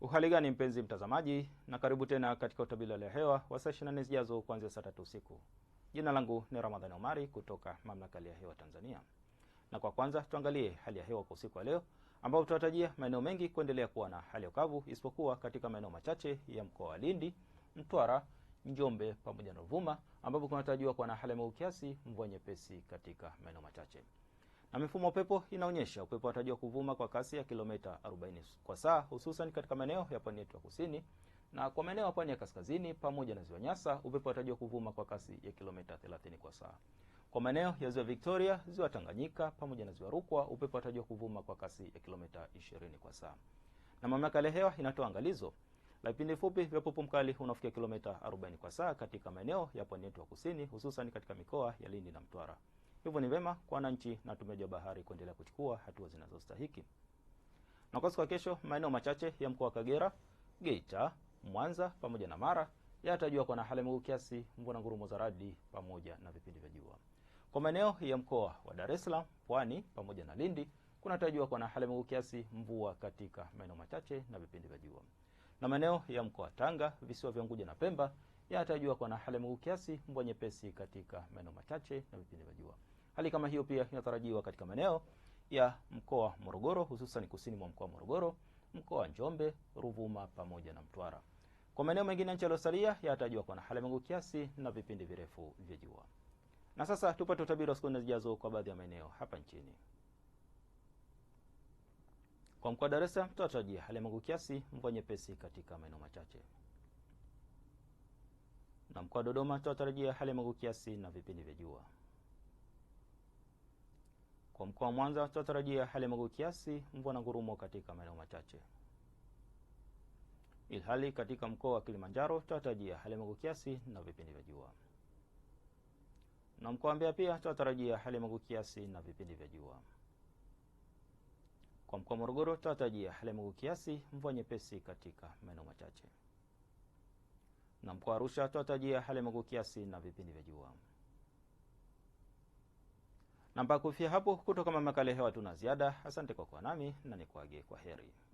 uhaligani mpenzi mtazamaji, na karibu tena katika utabili wa hewa wa saa 24 zijazo kuanzia saa tatu usiku. Jina langu ni Ramadhani Omari kutoka Mamlaka ya Hewa Tanzania, na kwa kwanza tuangalie hali ya hewa kwa usiku wa leo, ambapo tunatarajia maeneo mengi kuendelea kuwa na hali ya ukavu isipokuwa katika maeneo machache ya mkoa wa Lindi, Mtwara, Njombe pamoja na uvuma ambapo kunatarajiwa kuwa na hali ya mawingu kiasi, mvua nyepesi katika maeneo machache na mifumo pepo inaonyesha upepo unatarajiwa kuvuma kwa kasi ya kilomita 40 kwa saa hususan katika maeneo ya pwani yetu ya kusini na kwa maeneo ya pwani ya kaskazini pamoja na ziwa Nyasa upepo unatarajiwa kuvuma kwa kasi ya kilomita 30 kwa saa. Kwa maeneo ya ziwa Victoria, ziwa Tanganyika pamoja na ziwa Rukwa upepo unatarajiwa kuvuma kwa kasi ya kilomita 20 kwa saa. Na mamlaka ya hewa inatoa angalizo la vipindi fupi vya upepo mkali unafikia kilomita 40 kwa saa katika maeneo ya pwani yetu ya kusini hususan katika mikoa ya Lindi na Mtwara. Hivyo ni vema kwa wananchi na watumiaji wa bahari kuendelea kuchukua hatua zinazostahiki. Na ukosi kwa kesho, maeneo machache ya mkoa wa Kagera, Geita, Mwanza pamoja na Mara yatajua kuwa na hali ya mawingu kiasi, mvua na ngurumo za radi pamoja na vipindi vya jua. Kwa maeneo ya mkoa wa Dar es Salaam, Pwani pamoja na Lindi kunatarajiwa kuwa na hali ya mawingu kiasi, mvua katika maeneo machache na vipindi vya jua. Na maeneo ya mkoa wa Tanga, visiwa vya Unguja na Pemba yatajua kwa na hali mguu kiasi, mvua nyepesi katika maeneo machache na vipindi vya jua. Hali kama hiyo pia inatarajiwa katika maeneo ya mkoa Morogoro, hususan kusini mwa mkoa Morogoro, mkoa Njombe, Ruvuma pamoja na Mtwara. Kwa maeneo mengine nchi yaliyosalia yatajua kwa na hali mawingu kiasi na vipindi virefu vya jua. Na sasa tupate utabiri wa siku zijazo kwa baadhi ya maeneo hapa nchini. Kwa mkoa wa Dar Salaam tunatarajia hali mawingu kiasi, mvua nyepesi katika maeneo machache. Na mkoa wa Dodoma tunatarajia hali ya kiasi na vipindi vya jua. Kwa mkoa wa Mwanza tunatarajia hali ya kiasi, mvua na ngurumo katika maeneo machache. Ilhali katika mkoa wa Kilimanjaro tunatarajia hali ya kiasi na vipindi vya jua. Na mkoa wa mbea pia tunatarajia hali ya kiasi na vipindi vya jua. Kwa mkoa wa Morogoro tunatarajia hali ya kiasi, mvua nyepesi katika maeneo machache na mkoa wa Arusha twatajia hali magu kiasi na vipindi vya jua na kufia hapo, kutoka mamlaka hewa tuna ziada. Asante kwa kuwa nami na nikuage kwa heri.